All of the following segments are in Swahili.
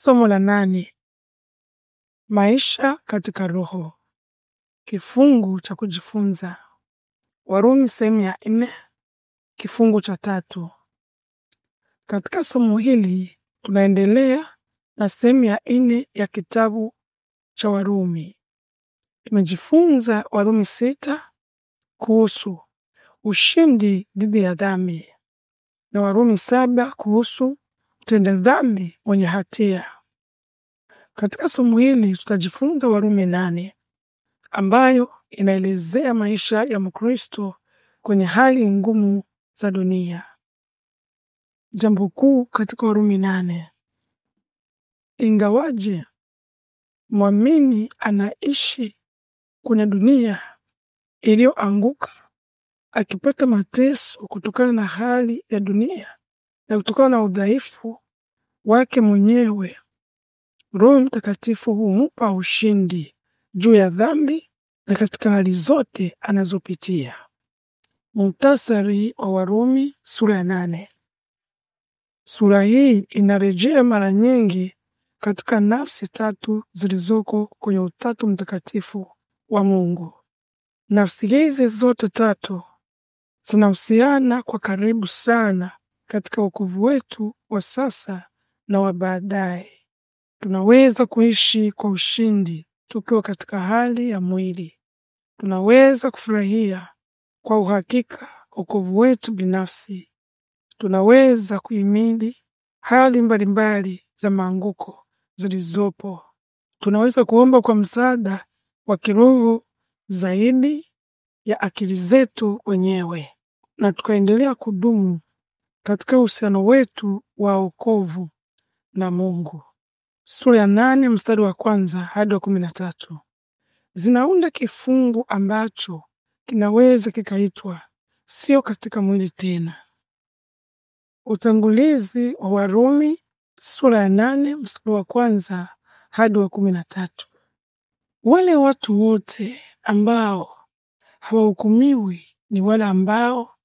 Somo la nane: maisha katika Roho. Kifungu cha kujifunza: Warumi sehemu ya nne kifungu cha tatu. Katika somo hili tunaendelea na sehemu ya nne ya kitabu cha Warumi. Tumejifunza Warumi sita kuhusu ushindi dhidi ya dhambi na Warumi saba kuhusu mtenda dhambi mwenye hatia. Katika somo hili tutajifunza Warumi nane ambayo inaelezea maisha ya Mkristo kwenye hali ngumu za dunia. Jambo kuu katika Warumi nane, ingawaje mwamini anaishi kwenye dunia iliyoanguka akipata mateso kutokana na hali ya dunia na kutokana na udhaifu wake mwenyewe, Roho Mtakatifu humpa ushindi juu ya dhambi na katika hali zote anazopitia. Muhtasari wa Warumi sura ya nane. Sura hii inarejea mara nyingi katika nafsi tatu zilizoko kwenye Utatu Mtakatifu wa Mungu. Nafsi hizi zote tatu zinahusiana kwa karibu sana katika wokovu wetu wa sasa na wa baadaye. Tunaweza kuishi kwa ushindi tukiwa katika hali ya mwili. Tunaweza kufurahia kwa uhakika wokovu wetu binafsi. Tunaweza kuhimili hali mbalimbali za maanguko zilizopo. Tunaweza kuomba kwa msaada wa kiroho zaidi ya akili zetu wenyewe na tukaendelea kudumu katika uhusiano wetu wa wokovu na Mungu. Sura ya nane mstari wa kwanza hadi wa kumi na tatu zinaunda kifungu ambacho kinaweza kikaitwa sio katika mwili tena. Utangulizi wa Warumi sura ya nane mstari wa kwanza hadi wa kumi na tatu wale watu wote ambao hawahukumiwi ni wale ambao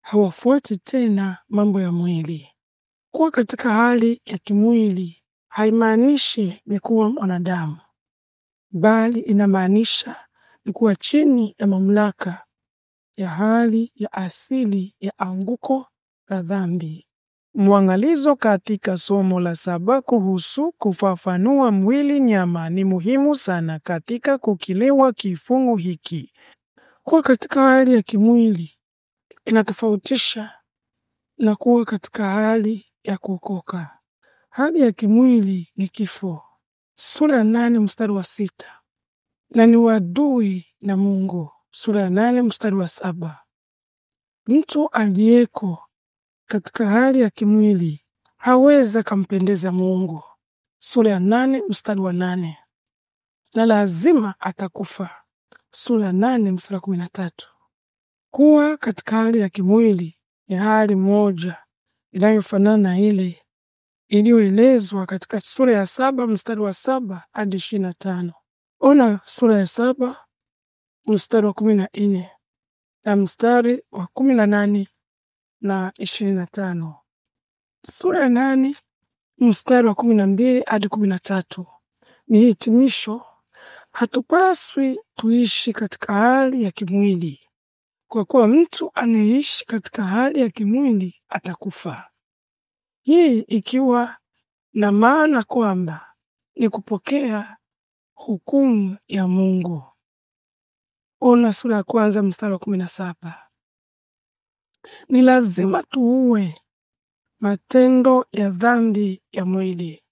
hawafuati tena mambo ya mwili. Kuwa katika hali ya kimwili haimaanishi ni kuwa mwanadamu, bali inamaanisha ni kuwa chini ya mamlaka ya hali ya asili ya anguko la dhambi. Mwangalizo katika somo la saba kuhusu kufafanua mwili nyama ni muhimu sana katika kukilewa kifungu hiki. Kuwa katika hali ya kimwili inatofautisha na kuwa katika hali ya kuokoka. Hali ya kimwili ni kifo, sura ya nane mstari wa sita, na ni uadui na Mungu, sura ya nane mstari wa saba. Mtu aliyeko katika hali ya kimwili hawezi kampendeza Mungu, sura ya nane mstari wa nane, na lazima atakufa, sura ya nane mstari wa kumi na tatu kuwa katika hali ya kimwili ya hali moja inayofanana na ile iliyoelezwa katika sura ya saba mstari wa saba hadi ishirini na tano. Ona sura ya saba mstari wa kumi na nne na mstari wa kumi na nane na ishirini na tano. Sura ya nane mstari wa kumi na mbili hadi kumi na tatu ni hitimisho. Hatupaswi tuishi katika hali ya kimwili kwa kuwa mtu anayeishi katika hali ya kimwili atakufa. Hii ikiwa na maana kwamba ni kupokea hukumu ya Mungu. Ona sura ya kwanza mstari wa kumi na saba. Ni lazima tuue matendo ya dhambi ya mwili,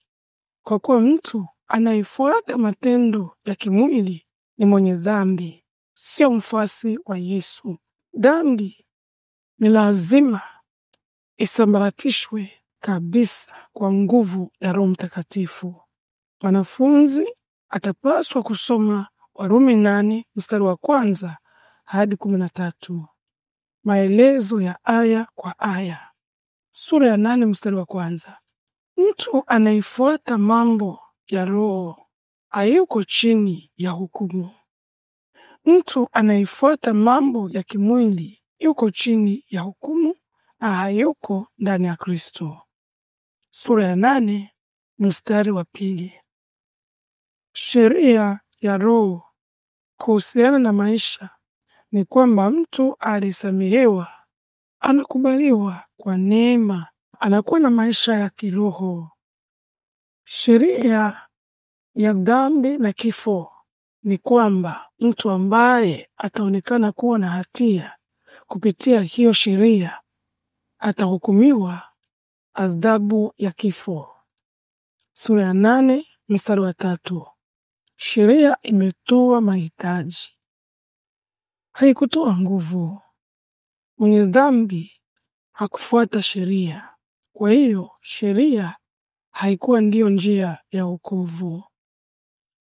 kwa kuwa mtu anayefuata matendo ya kimwili ni mwenye dhambi, sio mfuasi wa Yesu dhambi ni lazima isambaratishwe kabisa kwa nguvu ya Roho Mtakatifu. Mwanafunzi atapaswa kusoma Warumi nane mstari wa kwanza hadi kumi na tatu maelezo ya aya kwa aya. Sura ya nane mstari wa kwanza. Mtu anayefuata mambo ya Roho hayuko chini ya hukumu. Mtu anayefuata mambo ya kimwili yuko chini ya hukumu na hayuko ndani ya Kristo. Sura ya nane mstari wa pili. Sheria ya Roho kuhusiana na maisha ni kwamba mtu alisamehewa, anakubaliwa kwa neema, anakuwa na maisha ya kiroho. Sheria ya dhambi na kifo ni kwamba mtu ambaye ataonekana kuwa na hatia kupitia hiyo sheria atahukumiwa adhabu ya kifo. Sura ya nane mstari wa tatu. Sheria imetoa mahitaji, haikutoa nguvu. Mwenye dhambi hakufuata sheria, kwa hiyo sheria haikuwa ndiyo njia ya wokovu.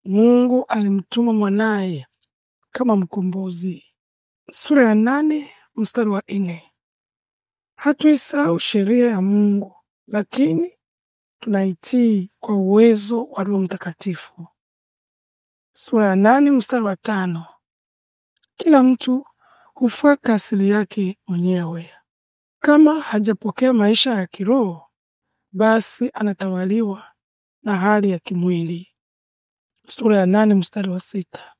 Mungu alimtuma mwanaye kama mkombozi. Sura ya nane mstari wa nne. Hatuisahau sheria ya Mungu, lakini tunaitii kwa uwezo wa Roho Mtakatifu. Sura ya nane mstari wa tano. Kila mtu hufuata asili yake mwenyewe. Kama hajapokea maisha ya kiroho, basi anatawaliwa na hali ya kimwili sura ya nane mstari wa sita.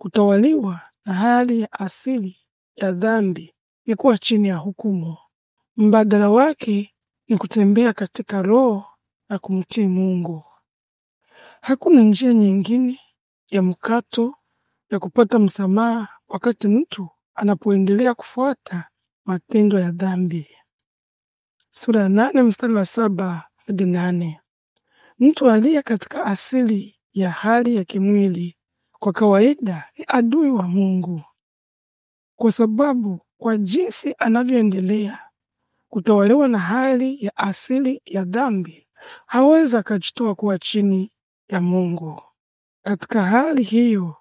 Kutawaliwa na hali ya asili ya dhambi ni kuwa chini ya hukumu. Mbadala wake ni kutembea katika roho na kumtii Mungu. Hakuna njia nyingine ya mkato ya kupata msamaha wakati mtu anapoendelea kufuata matendo ya dhambi. Sura ya nane mstari wa saba hadi nane. Mtu aliye katika asili ya hali ya kimwili kwa kawaida ni adui wa Mungu, kwa sababu kwa jinsi anavyoendelea kutawaliwa na hali ya asili ya dhambi, hawezi akajitoa kuwa chini ya Mungu. Katika hali hiyo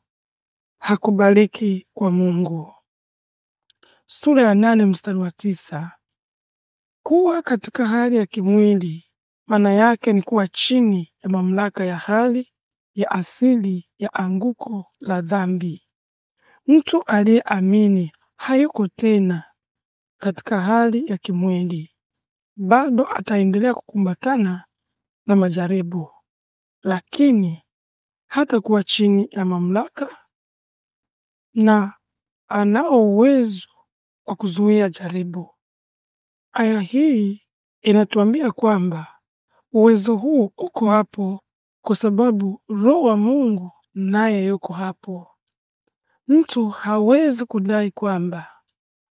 hakubaliki kwa Mungu. Sura ya nane mstari wa tisa. Kuwa katika hali ya kimwili maana yake ni kuwa chini ya mamlaka ya hali ya asili ya anguko la dhambi. Mtu aliyeamini hayuko tena katika hali ya kimwili, bado ataendelea kukumbatana na majaribu, lakini hatakuwa chini ya mamlaka na anao uwezo wa kuzuia jaribu. Aya hii inatuambia kwamba uwezo huu uko hapo kwa sababu Roho wa Mungu naye yuko hapo. Mtu hawezi kudai kwamba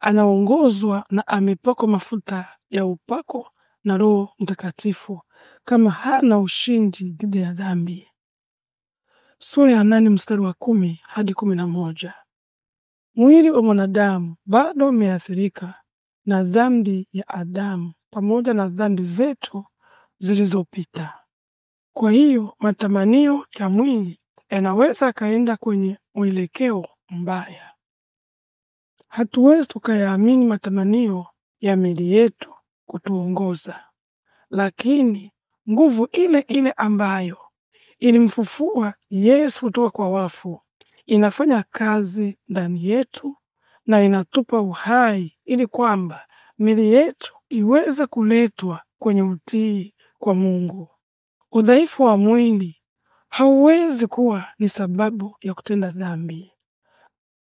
anaongozwa na amepakwa mafuta ya upako na Roho Mtakatifu kama hana ushindi dhidi ya dhambi. Sura ya nane mstari wa kumi hadi kumi na moja. Mwili wa mwanadamu bado umeathirika na dhambi ya Adamu pamoja na dhambi zetu zilizopita. Kwa hiyo matamanio ya mwili yanaweza kaenda kwenye mwelekeo mbaya. Hatuwezi tukayaamini matamanio ya mili yetu kutuongoza, lakini nguvu ile ile ambayo ilimfufua Yesu kutoka kwa wafu inafanya kazi ndani yetu na inatupa uhai ili kwamba mili yetu iweze kuletwa kwenye utii kwa Mungu udhaifu wa mwili hauwezi kuwa ni sababu ya kutenda dhambi.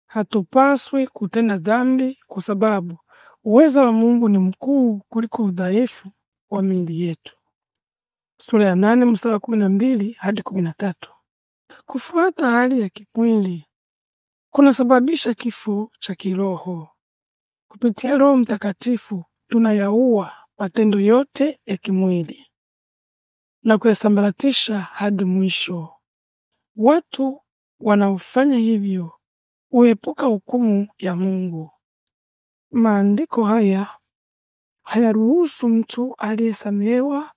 Hatupaswi kutenda dhambi kwa sababu uweza wa Mungu ni mkuu kuliko udhaifu wa miili yetu. Sura ya nane mstari wa kumi na mbili hadi kumi na tatu. Kufuata hali ya kimwili kunasababisha kifo cha kiroho. Kupitia Roho Mtakatifu tunayaua matendo yote ya kimwili na kuyasambaratisha hadi mwisho. Watu wanaofanya hivyo huepuka hukumu ya Mungu. Maandiko haya hayaruhusu mtu aliyesamehewa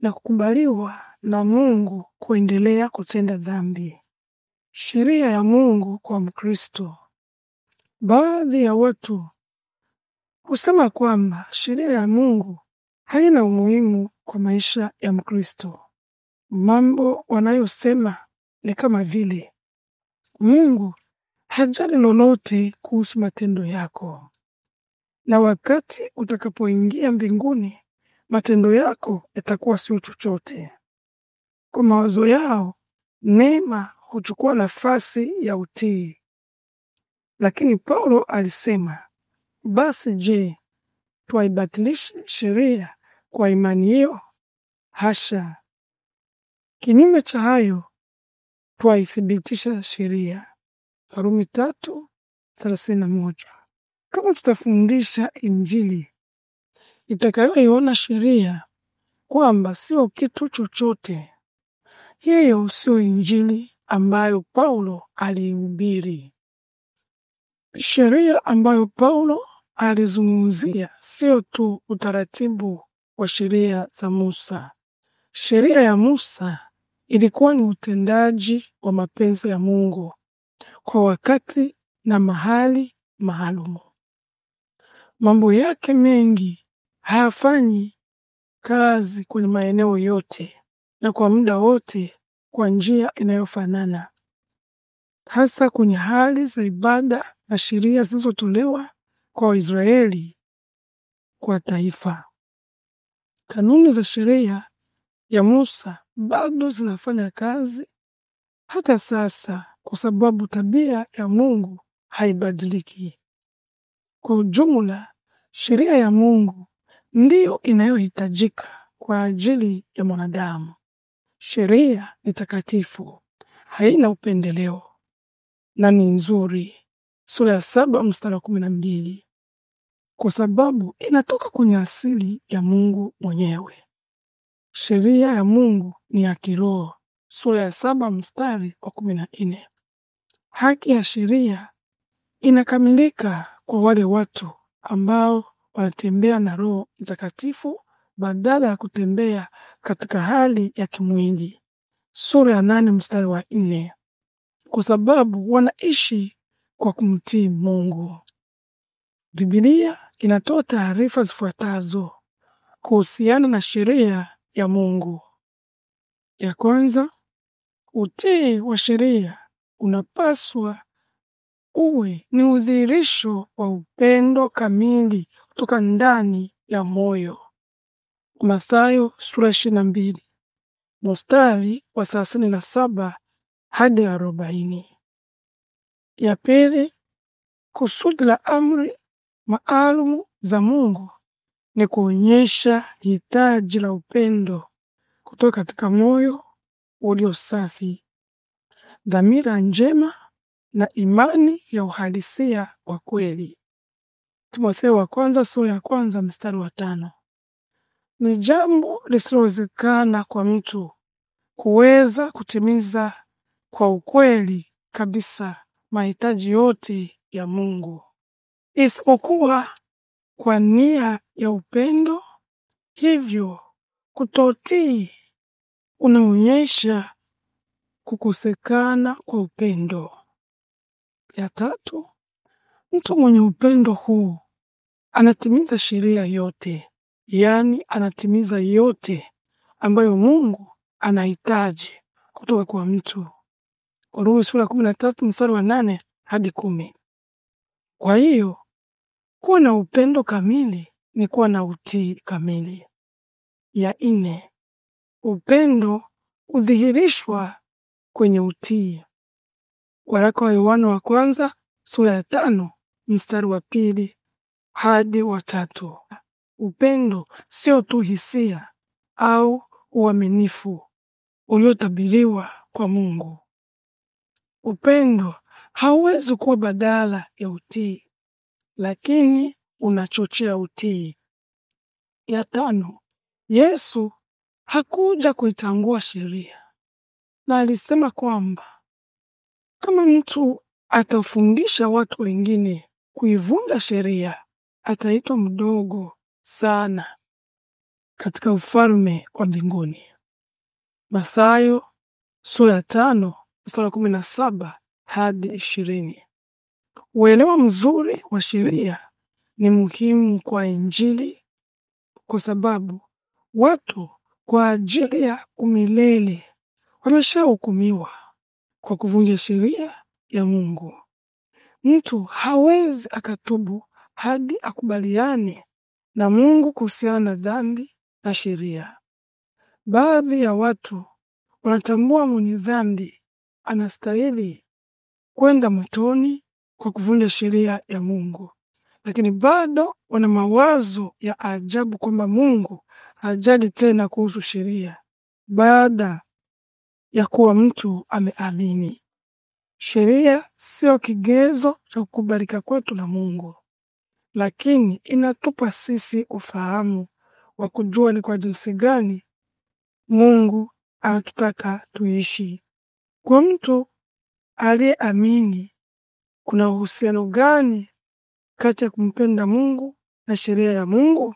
na kukubaliwa na Mungu kuendelea kutenda dhambi. Sheria ya Mungu kwa Mkristo. Baadhi ya watu husema kwamba sheria ya Mungu haina umuhimu kwa maisha ya Mkristo. Mambo wanayosema ni kama vile Mungu hajali lolote kuhusu matendo yako, na wakati utakapoingia mbinguni matendo yako yatakuwa sio chochote. Kwa mawazo yao neema huchukua nafasi ya utii. Lakini Paulo alisema, basi je, twaibatilishe sheria kwa imani hiyo? Hasha! Kinyume cha hayo, twaithibitisha sheria. Warumi tatu thelathini na moja. Kama tutafundisha Injili itakayoiona sheria kwamba sio kitu chochote, hiyo sio Injili ambayo Paulo aliihubiri. Sheria ambayo Paulo alizungumzia sio tu utaratibu wa sheria za Musa. Sheria ya Musa ilikuwa ni utendaji wa mapenzi ya Mungu kwa wakati na mahali maalumu. Mambo yake mengi hayafanyi kazi kwenye maeneo yote na kwa muda wote kwa njia inayofanana, hasa kwenye hali za ibada na sheria zilizotolewa kwa Waisraeli kwa taifa. Kanuni za sheria ya Musa bado zinafanya kazi hata sasa kwa sababu tabia ya Mungu haibadiliki. Kwa ujumla, sheria ya Mungu ndiyo inayohitajika kwa ajili ya mwanadamu. Sheria ni takatifu, haina upendeleo na ni nzuri. Sura ya saba mstari wa kumi na mbili kwa sababu inatoka kwenye asili ya Mungu mwenyewe. Sheria ya Mungu ni ya kiroho, sura ya saba mstari wa kumi na nne. Haki ya sheria inakamilika kwa wale watu ambao wanatembea na Roho Mtakatifu badala ya kutembea katika hali ya kimwili, sura ya nane mstari wa nne, kwa sababu wanaishi kwa kumtii Mungu. Biblia inatoa taarifa zifuatazo kuhusiana na sheria ya Mungu. Ya kwanza, utii wa sheria unapaswa uwe ni udhihirisho wa upendo kamili kutoka ndani ya moyo. Mathayo sura ishirini mstari wa na saba hadi 40. Ya pili, kusudi la amri maalumu za Mungu ni kuonyesha hitaji la upendo kutoka katika moyo ulio safi, dhamira njema na imani ya uhalisia wa kweli. Timotheo wa kwanza sura ya kwanza mstari wa tano. Ni jambo lisilowezekana kwa mtu kuweza kutimiza kwa ukweli kabisa mahitaji yote ya Mungu isipokuwa kwa nia ya upendo. Hivyo kutotii unaonyesha kukosekana kwa upendo. Ya tatu, mtu mwenye upendo huu anatimiza sheria yote, yaani anatimiza yote ambayo Mungu anahitaji kutoka kwa mtu. Warumi sura 13 mstari wa nane hadi kumi. Kwa hiyo kuwa na upendo kamili ni kuwa na utii kamili. Ya ine, upendo udhihirishwa kwenye utii. Waraka wa Yohana wa kwanza sura ya tano mstari wa pili hadi wa tatu. Upendo sio tu hisia au uaminifu uliotabiriwa kwa Mungu. Upendo hauwezi kuwa badala ya utii lakini unachochea utii. Ya tano, Yesu hakuja kuitangua sheria, na alisema kwamba kama mtu atafundisha watu wengine kuivunja sheria, ataitwa mdogo sana katika ufalme wa mbinguni. Mathayo sura ya tano mstari kumi na saba hadi ishirini. Uelewa mzuri wa sheria ni muhimu kwa Injili kwa sababu watu kwa ajili ya umilele wameshahukumiwa kwa kuvunja sheria ya Mungu. Mtu hawezi akatubu hadi akubaliane na Mungu kuhusiana na dhambi na sheria. Baadhi ya watu wanatambua mwenye dhambi anastahili kwenda motoni kwa kuvunja sheria ya Mungu, lakini bado wana mawazo ya ajabu kwamba Mungu hajali tena kuhusu sheria baada ya kuwa mtu ameamini. Sheria siyo kigezo cha kukubalika kwetu na Mungu, lakini inatupa sisi ufahamu wa kujua ni kwa jinsi gani Mungu anatutaka tuishi. Kwa mtu aliyeamini kuna uhusiano gani kati ya kumpenda Mungu na sheria ya Mungu?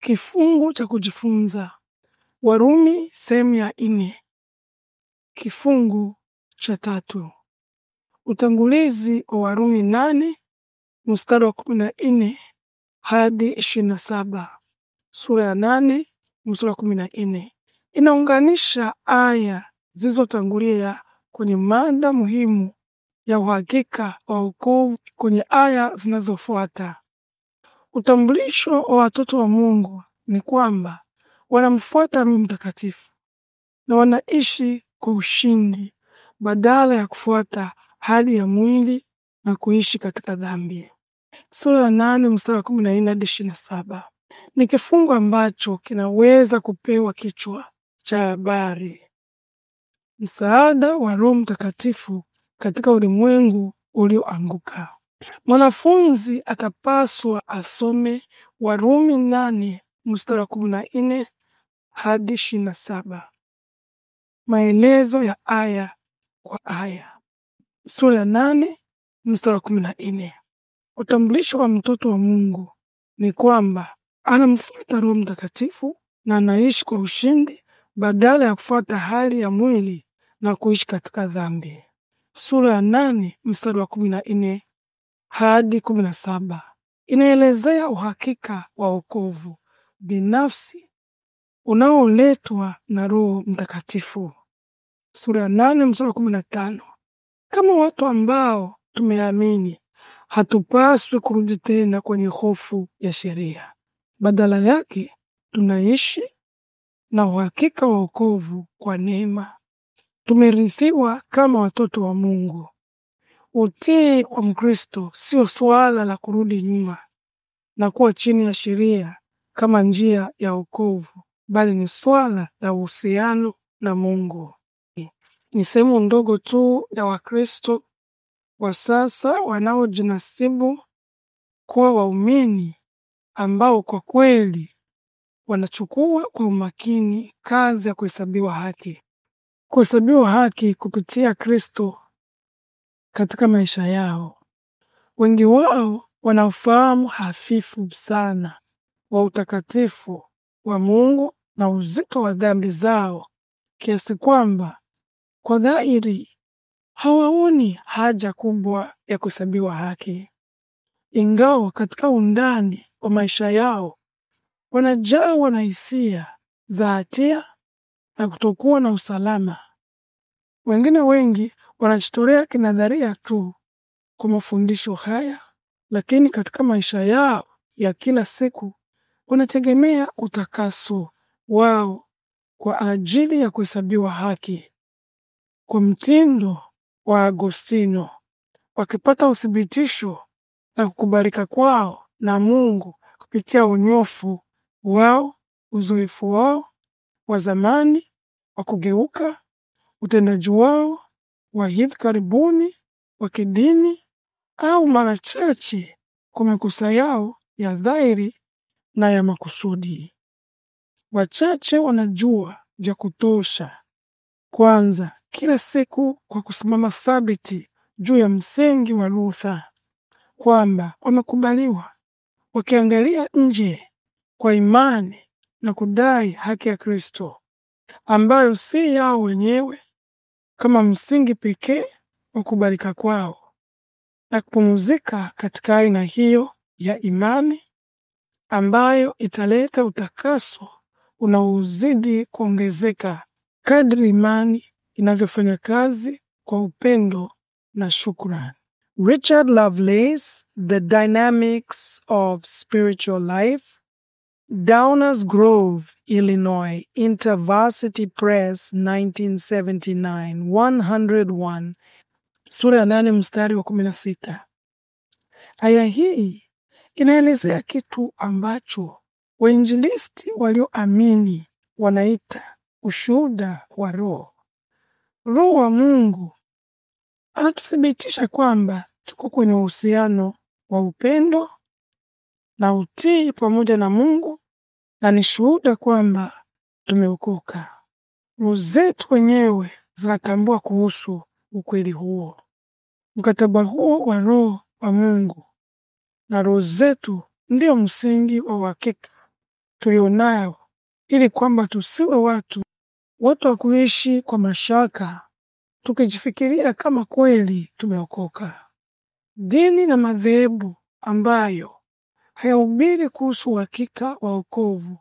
Kifungu cha kujifunza Warumi sehemu ya nne kifungu cha tatu utangulizi wa Warumi nane mstari wa kumi na nne hadi ishirini na saba sura ya nane mstari wa kumi na nne inaunganisha aya zilizotangulia kwenye mada muhimu ya uhakika wa wokovu kwenye aya zinazofuata. Utambulisho wa watoto wa Mungu ni kwamba wanamfuata Roho Mtakatifu na wanaishi kwa ushindi badala ya kufuata hali ya mwili na kuishi katika dhambi. Sura ya nane mstari wa kumi na nne hadi ishirini na saba ni kifungu ambacho kinaweza kupewa kichwa cha habari, msaada wa Roho Mtakatifu katika ulimwengu ulioanguka. Mwanafunzi akapaswa asome Warumi nane mstari wa kumi na nne hadi ishirini na saba maelezo ya aya kwa aya. Sura ya nane mstari wa kumi na nne Utambulisho wa mtoto wa Mungu ni kwamba anamfuata Roho Mtakatifu na anaishi kwa ushindi badala ya kufuata hali ya mwili na kuishi katika dhambi sura ya nane mstari wa kumi na nne hadi kumi na saba inaelezea uhakika wa wokovu binafsi unaoletwa na Roho Mtakatifu. Sura ya nane mstari wa kumi na tano kama watu ambao tumeamini hatupaswi kurudi tena kwenye hofu ya sheria. Badala yake tunaishi na uhakika wa wokovu kwa neema tumerithiwa kama watoto wa Mungu. Utii wa Mkristo sio suala la kurudi nyuma na kuwa chini ya sheria kama njia ya wokovu, bali ni swala la uhusiano na Mungu. Ni sehemu ndogo tu ya Wakristo wa sasa wanaojinasibu kuwa waumini ambao kwa kweli wanachukua kwa umakini kazi ya kuhesabiwa haki kuhesabiwa haki kupitia Kristo katika maisha yao. Wengi wao wanaofahamu hafifu sana wa utakatifu wa Mungu na uzito wa dhambi zao kiasi kwamba kwa dhahiri hawaoni haja kubwa ya kuhesabiwa haki, ingawa katika undani wa maisha yao wanajawa na hisia za hatia na kutokuwa na usalama. Wengine wengi wanajitolea kinadharia tu kwa mafundisho haya, lakini katika maisha yao ya kila siku wanategemea utakaso wao kwa ajili ya kuhesabiwa haki kwa mtindo wa Agostino, wakipata uthibitisho na kukubalika kwao na Mungu kupitia unyofu wao, uzoefu wao wa zamani wa kugeuka utendaji wao wa hivi karibuni wa kidini au mara chache kwa makosa yao ya dhahiri na ya makusudi. Wachache wanajua vya kutosha kwanza kila siku kwa kusimama thabiti juu ya msingi wa Luther kwamba wamekubaliwa, wakiangalia nje kwa imani na kudai haki ya Kristo ambayo si yao wenyewe kama msingi pekee wa kubarika kwao na kupumzika katika aina hiyo ya imani ambayo italeta utakaso unaozidi kuongezeka kadri imani inavyofanya kazi kwa upendo na shukrani. Richard Lovelace, The Dynamics of Spiritual Life Downers Grove, Illinois, InterVarsity Press, 1979, 101, sura ya nane mstari wa kumi na sita. Aya hii inaelezea kitu ambacho wainjilisti walioamini wanaita ushuhuda wa Roho. Roho wa Mungu anatuthibitisha kwamba tuko kwenye uhusiano wa upendo na utii pamoja na Mungu na ni shuhuda kwamba tumeokoka. Roho zetu wenyewe zinatambua kuhusu ukweli huo. Mkataba huo wa Roho wa Mungu na roho zetu ndio msingi wa uhakika tulionayo, ili kwamba tusiwe watu watu wa kuishi kwa mashaka, tukijifikiria kama kweli tumeokoka. Dini na madhehebu ambayo hayahubiri kuhusu uhakika wa wokovu.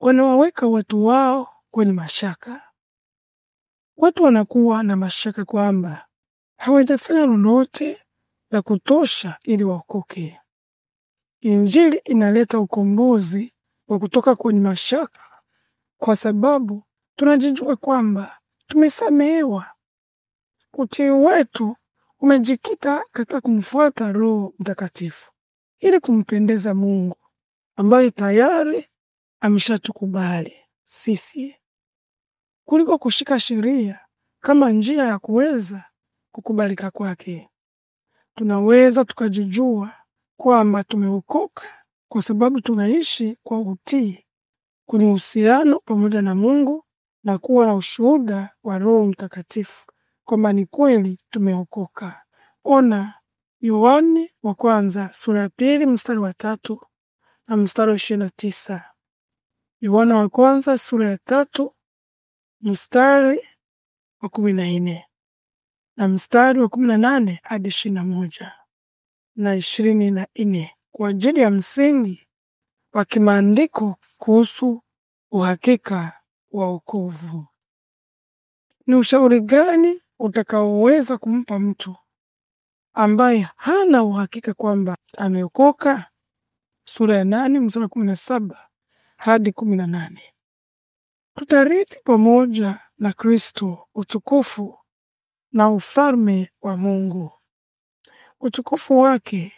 Wanawaweka watu wao kwenye mashaka. Watu wanakuwa na mashaka kwamba hawajafanya lolote la kutosha ili waokoke. Injili inaleta ukombozi wa kutoka kwenye mashaka, kwa sababu tunajijua kwamba tumesamehewa. Utii wetu umejikita katika kumfuata Roho Mtakatifu ili kumpendeza Mungu ambaye tayari ameshatukubali sisi, kuliko kushika sheria kama njia ya kuweza kukubalika kwake. Tunaweza tukajijua kwamba tumeokoka kwa sababu tunaishi kwa utii kwenye uhusiano pamoja na Mungu na kuwa na ushuhuda wa Roho Mtakatifu kwamba ni kweli tumeokoka. Ona Yohane wa kwanza sura ya pili mstari wa tatu na mstari wa ishirini na tisa. Yohana wa kwanza sura ya tatu mstari wa kumi na nne na mstari wa kumi na nane hadi ishirini na moja na ishirini na nne kwa ajili ya msingi wa kimaandiko kuhusu uhakika wa wokovu. Ni ushauri gani utakaoweza kumpa mtu ambaye hana uhakika kwamba ameokoka, sura ya nane mstari kumi na saba hadi kumi na nane. Tutarithi pamoja na Kristo utukufu na ufalme wa Mungu. Utukufu wake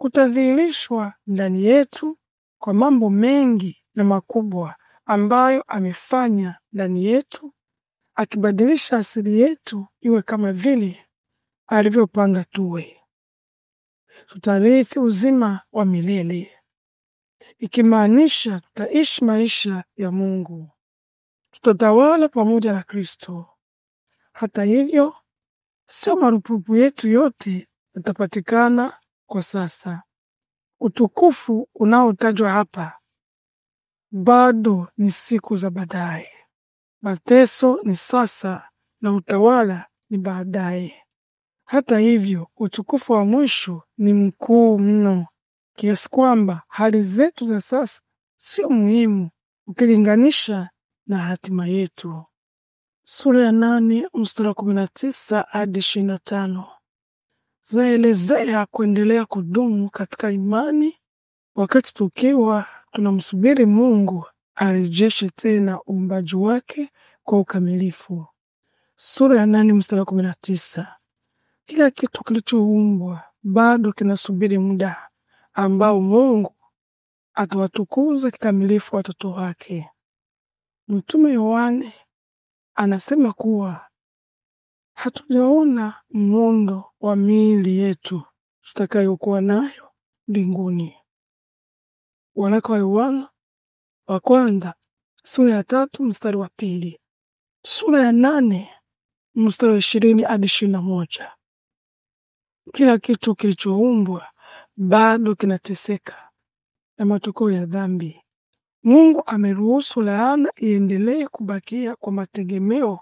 utadhihirishwa ndani yetu kwa mambo mengi na makubwa ambayo amefanya ndani yetu, akibadilisha asili yetu iwe kama vile alivyopanga tuwe, tutarithi uzima wa milele, ikimaanisha tutaishi maisha ya Mungu, tutatawala pamoja na Kristo. Hata hivyo, sio marupurupu yetu yote yatapatikana kwa sasa. Utukufu unaotajwa hapa bado ni siku za baadaye. Mateso ni sasa na utawala ni baadaye. Hata hivyo, utukufu wa mwisho ni mkuu mno kiasi kwamba hali zetu za sasa sio muhimu ukilinganisha na hatima yetu. Sura ya nane mstari wa kumi na tisa hadi ishirini na tano kuendelea kudumu katika imani wakati tukiwa tunamsubiri Mungu arejeshe tena uumbaji wake kwa ukamilifu. Sura ya nane mstari wa kumi na tisa kila kitu kilichoumbwa bado kinasubiri muda ambao Mungu atawatukuza kikamilifu watoto wake. Mtume Yohane anasema kuwa hatujaona muundo wa miili yetu tutakayokuwa nayo mbinguni. Waraka wa Yohana wa kwanza sura ya tatu mstari wa pili, sura ya nane mstari wa ishirini hadi ishirini na moja. Kila kitu kilichoumbwa bado kinateseka na matokeo ya dhambi. Mungu ameruhusu laana iendelee kubakia kwa mategemeo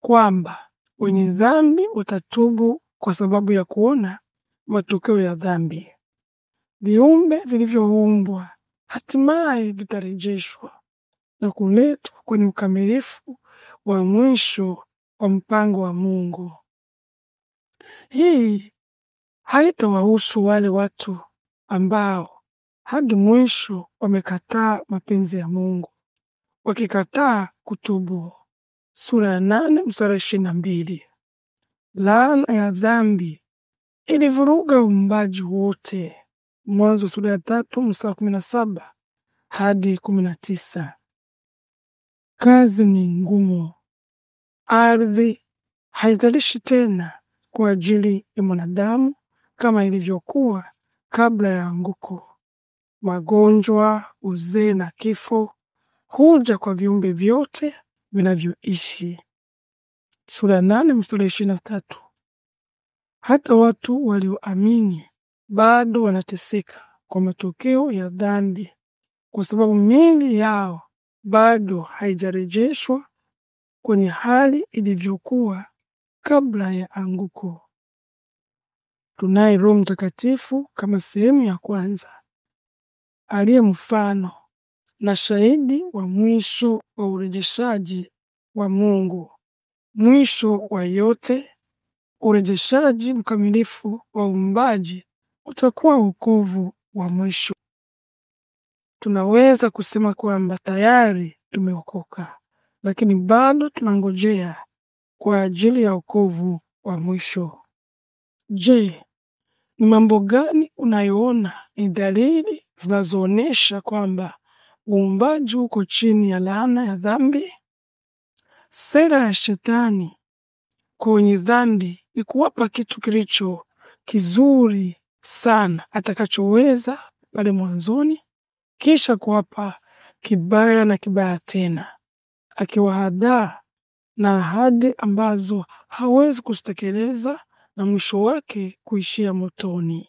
kwamba wenye dhambi watatubu kwa sababu ya kuona matokeo ya dhambi. Viumbe vilivyoumbwa hatimaye vitarejeshwa na kuletwa kwenye ukamilifu wa mwisho wa mpango wa Mungu. Hii haitawahusu wale watu ambao hadi mwisho wamekataa mapenzi ya Mungu, wakikataa kutubu. Sura ya nane mstari ishirini na mbili. Laana ya dhambi ilivuruga uumbaji wote. Mwanzo sura ya tatu mstari kumi na saba hadi kumi na tisa. Kazi ni ngumu, ardhi haizalishi tena kwa ajili ya mwanadamu kama ilivyokuwa kabla ya anguko. Magonjwa, uzee na kifo huja kwa viumbe vyote vinavyoishi. Sura nane mstari ishirini na tatu. Hata watu walioamini bado wanateseka kwa matokeo ya dhambi, kwa sababu miili yao bado haijarejeshwa kwenye hali ilivyokuwa kabla ya anguko tunaye Roho Mtakatifu kama sehemu ya kwanza, aliye mfano na shahidi wa mwisho wa urejeshaji wa Mungu, mwisho wa yote urejeshaji mkamilifu wa uumbaji utakuwa wokovu wa mwisho. Tunaweza kusema kwamba tayari tumeokoka, lakini bado tunangojea kwa ajili ya wokovu wa mwisho. Je, mambo gani unayoona ni dalili zinazoonyesha kwamba uumbaji uko chini ya laana ya dhambi? Sera ya Shetani kwenye dhambi ni kuwapa kitu kilicho kizuri sana atakachoweza pale mwanzoni, kisha kuwapa kibaya na kibaya tena, akiwahadaa na ahadi ambazo hawezi kuzitekeleza na mwisho wake kuishia motoni.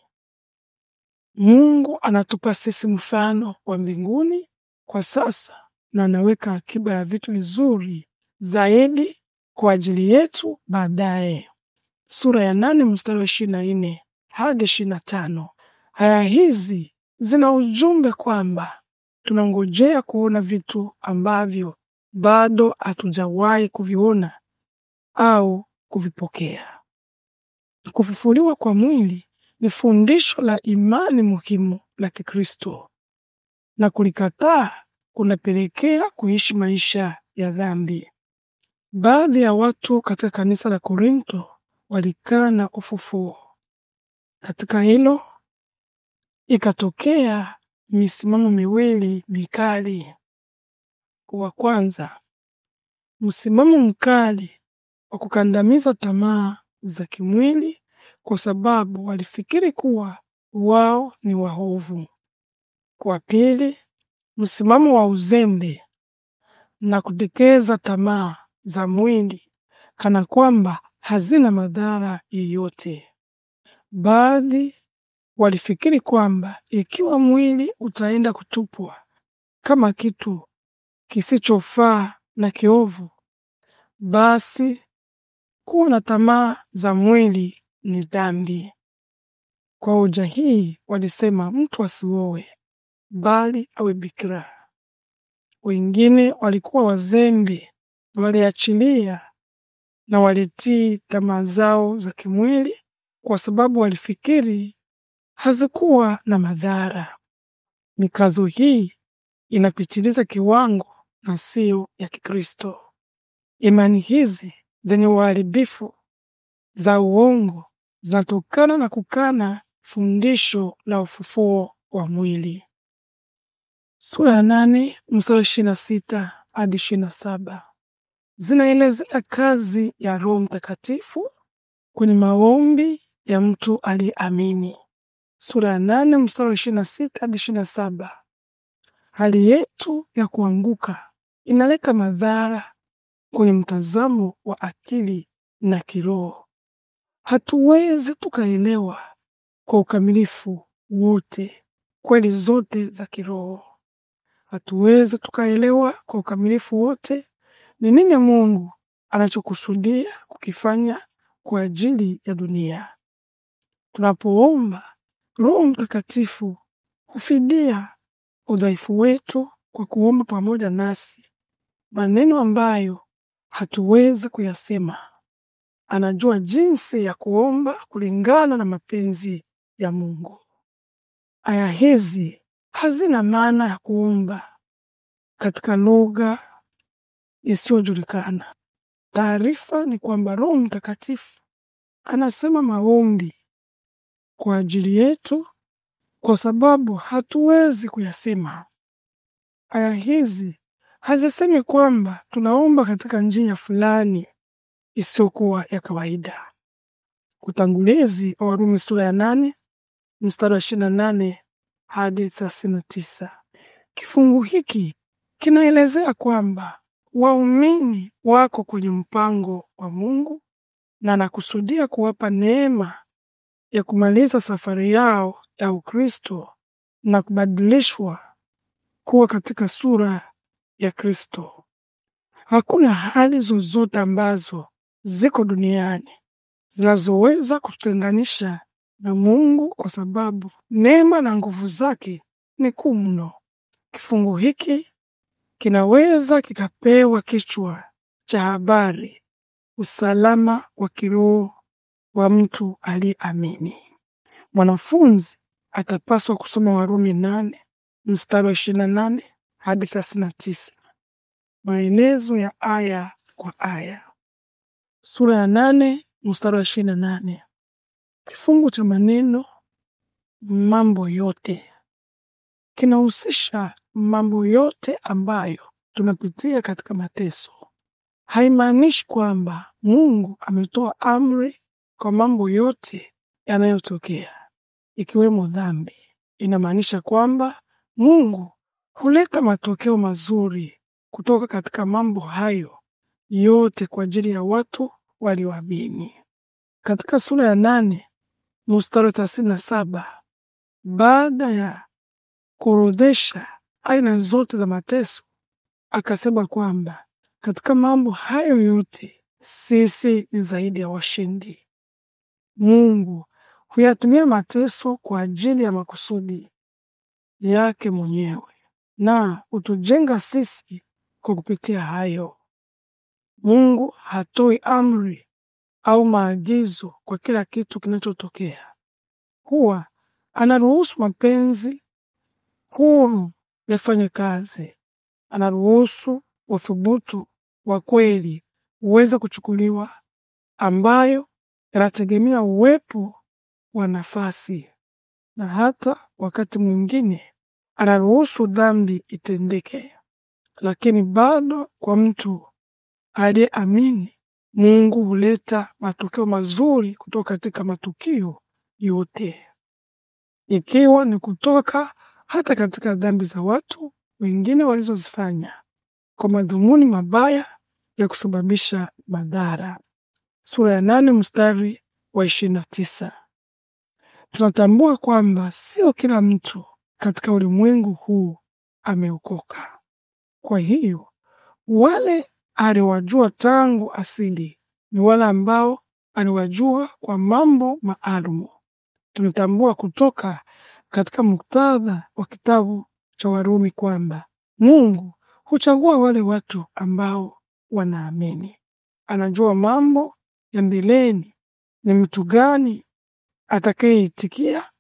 Mungu anatupa sisi mfano wa mbinguni kwa sasa na anaweka akiba ya vitu vizuri zaidi kwa ajili yetu baadaye. Sura ya nane mstari wa ishirini na nne hadi ishirini na tano. Haya hizi zina ujumbe kwamba tunangojea kuona vitu ambavyo bado hatujawahi kuviona au kuvipokea. Kufufuliwa kwa mwili ni fundisho la imani muhimu la Kikristo, na kulikataa kunapelekea kuishi maisha ya dhambi. Baadhi ya watu katika kanisa la Korinto walikana ufufuo. Katika hilo ikatokea misimamo miwili mikali. Wa kwanza, msimamo mkali wa kukandamiza tamaa za kimwili kwa sababu walifikiri kuwa wao ni wahovu Kwa pili, msimamo wa uzembe na kutekeza tamaa za mwili kana kwamba hazina madhara yoyote. Baadhi walifikiri kwamba ikiwa mwili utaenda kutupwa kama kitu kisichofaa na kiovu, basi kuwa na tamaa za mwili ni dhambi. Kwa hoja hii walisema mtu asioe, bali awe bikira. Wengine walikuwa wazembe, waliachilia na walitii tamaa zao za kimwili, kwa sababu walifikiri hazikuwa na madhara. Mikazo hii inapitiliza kiwango na sio ya Kikristo. Imani hizi zenye uharibifu za uongo zinatokana na kukana fundisho la ufufuo wa mwili. Sura ya nane mstari ishirini na sita hadi ishirini na saba zinaelezea kazi ya Roho Mtakatifu kwenye maombi ya mtu aliyeamini. Sura ya nane mstari ishirini na sita hadi ishirini na saba hali yetu ya kuanguka inaleta madhara kwenye mtazamo wa akili na kiroho. Hatuwezi tukaelewa kwa ukamilifu wote kweli zote za kiroho. Hatuwezi tukaelewa kwa ukamilifu wote ni nini Mungu anachokusudia kukifanya kwa ajili ya dunia. Tunapoomba, Roho Mtakatifu hufidia udhaifu wetu kwa kuomba pamoja nasi maneno ambayo hatuwezi kuyasema. Anajua jinsi ya kuomba kulingana na mapenzi ya Mungu. Aya hizi hazina maana ya kuomba katika lugha isiyojulikana. Taarifa ni kwamba Roho Mtakatifu anasema maombi kwa ajili yetu kwa sababu hatuwezi kuyasema. Aya hizi hazisemi kwamba tunaomba katika njia fulani isiyokuwa ya kawaida. Utangulizi wa Warumi sura ya nane mstari wa ishirini na nane hadi thelathini na tisa. Kifungu hiki kinaelezea kwamba waumini wako kwenye mpango wa Mungu na anakusudia kuwapa neema ya kumaliza safari yao ya Ukristo na kubadilishwa kuwa katika sura ya Kristo. Hakuna hali zozote ambazo ziko duniani zinazoweza kutenganisha na Mungu kwa sababu neema na nguvu zake ni kuu mno. Kifungu hiki kinaweza kikapewa kichwa cha habari, usalama wa kiroho wa mtu aliyeamini. Mwanafunzi atapaswa kusoma Warumi nane mstari wa ishirini na nane hadi tisa. Maelezo ya aya kwa aya. Sura ya nane mstari wa ishirini na nane. Kifungu cha maneno mambo yote kinahusisha mambo yote ambayo tunapitia katika mateso. Haimaanishi kwamba Mungu ametoa amri kwa mambo yote yanayotokea ikiwemo dhambi. Inamaanisha kwamba Mungu huleta matokeo mazuri kutoka katika mambo hayo yote kwa ajili ya watu walioamini. Katika sura ya nane mstari thelathini na saba baada ya kuorodhesha aina zote za mateso akasema kwamba katika mambo hayo yote sisi ni zaidi ya washindi. Mungu huyatumia mateso kwa ajili ya makusudi yake mwenyewe na kutujenga sisi kwa kupitia hayo. Mungu hatoi amri au maagizo kwa kila kitu kinachotokea. Huwa anaruhusu mapenzi huru yafanye kazi. Anaruhusu uthubutu wa kweli huweza kuchukuliwa, ambayo yanategemea uwepo wa nafasi na hata wakati mwingine anaruhusu dhambi itendeke, lakini bado kwa mtu aliyeamini Mungu huleta matokeo mazuri kutoka katika matukio yote, ikiwa ni kutoka hata katika dhambi za watu wengine walizozifanya kwa madhumuni mabaya ya kusababisha madhara. Sura ya nane mstari wa ishirini na tisa. Tunatambua kwamba sio kila mtu katika ulimwengu huu ameokoka. Kwa hiyo wale aliwajua tangu asili ni wale ambao aliwajua kwa mambo maalumu. Tunatambua kutoka katika muktadha wa kitabu cha Warumi kwamba Mungu huchagua wale watu ambao wanaamini. Anajua mambo ya mbeleni, ni mtu gani atakayeitikia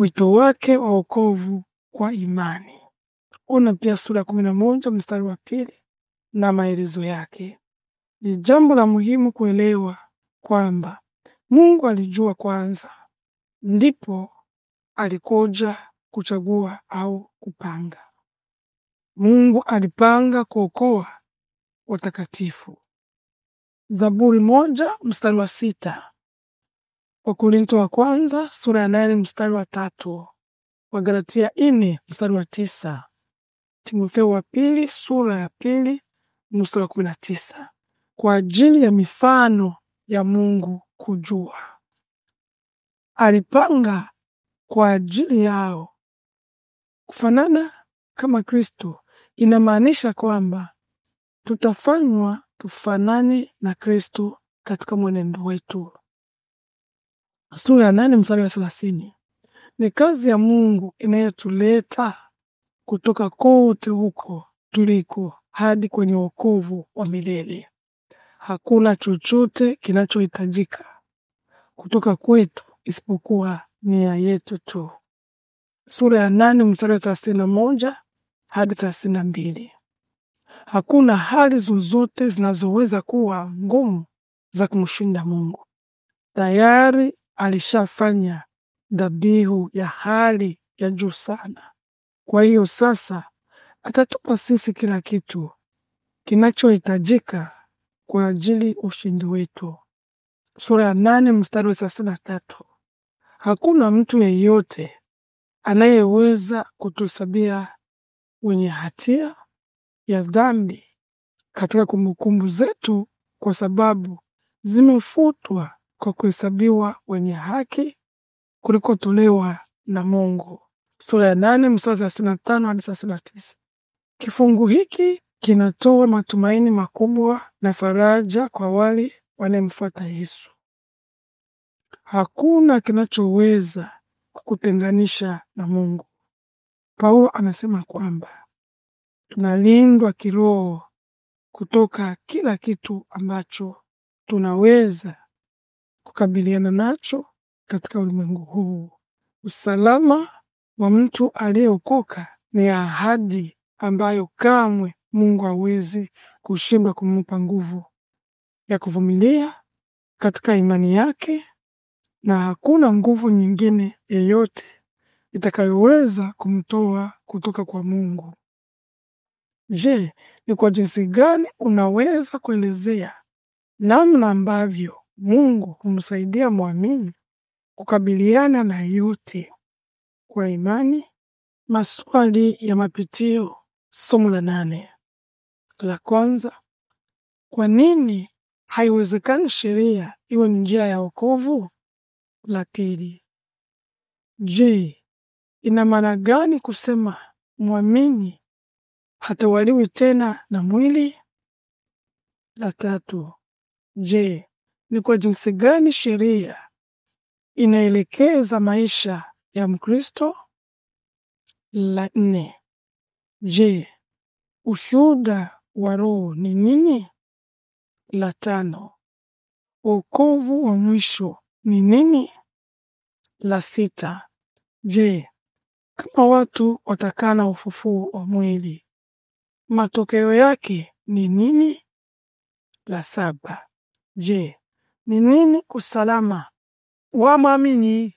wito wake wa wokovu kwa imani. Ona pia sura ya kumi na moja mstari wa pili na maelezo yake. Ni jambo la muhimu kuelewa kwamba Mungu alijua kwanza, ndipo alikoja kuchagua au kupanga. Mungu alipanga kuokoa watakatifu. Zaburi moja mstari wa sita Wakorinto wa kwanza sura ya nane mstari wa tatu Wagalatia ine mstari wa tisa Timotheo wa pili sura ya pili mstari wa kumi na tisa kwa ajili ya mifano ya Mungu kujua alipanga kwa ajili yao kufanana kama Kristo. Inamaanisha kwamba tutafanywa tufanane na Kristo katika mwenendo wetu sura ya nane mstari wa thelathini. Ni kazi ya Mungu inayotuleta kutoka kote huko tuliko hadi kwenye wokovu wa milele. Hakuna chochote kinachohitajika kutoka kwetu isipokuwa nia yetu tu. Sura ya nane mstari wa thelathini na moja hadi thelathini na mbili. Hakuna hali zozote zinazoweza kuwa ngumu za kumshinda Mungu. Tayari alishafanya dhabihu ya hali ya juu sana. Kwa hiyo sasa atatupa sisi kila kitu kinachohitajika kwa ajili ushindi wetu. Sura ya nane mstari wa thelathini na tatu. Hakuna mtu yeyote anayeweza kutuhesabia wenye hatia ya dhambi katika kumbukumbu zetu, kwa sababu zimefutwa kwa kuhesabiwa wenye haki kulikotolewa na Mungu, sura ya nane mstari thelathini na tano hadi thelathini na tisa. Kifungu hiki kinatoa matumaini makubwa na faraja kwa wale wanayemfuata Yesu. Hakuna kinachoweza kukutenganisha na Mungu. Paulo anasema kwamba tunalindwa kiroho kutoka kila kitu ambacho tunaweza kukabiliana nacho katika ulimwengu huu. Usalama wa mtu aliyeokoka ni ahadi ambayo kamwe Mungu hawezi kushindwa kumupa nguvu ya kuvumilia katika imani yake, na hakuna nguvu nyingine yeyote itakayoweza kumtoa kutoka kwa Mungu. Je, ni kwa jinsi gani unaweza kuelezea namna ambavyo Mungu humsaidia mwamini kukabiliana na yote kwa imani. Maswali ya mapitio, somo la nane. La kwanza, kwa nini haiwezekani sheria iwe ni njia ya wokovu? La pili, je, ina maana gani kusema mwamini hatawaliwi tena na mwili? La tatu, je, ni kwa jinsi gani sheria inaelekeza maisha ya Mkristo. La nne, je, ushuhuda wa Roho ni nini? La tano, wokovu wa mwisho ni nini? La sita, je, kama watu watakaa na ufufuo wa mwili matokeo yake ni nini? La saba, je, ni nini? Kusalama wamwamini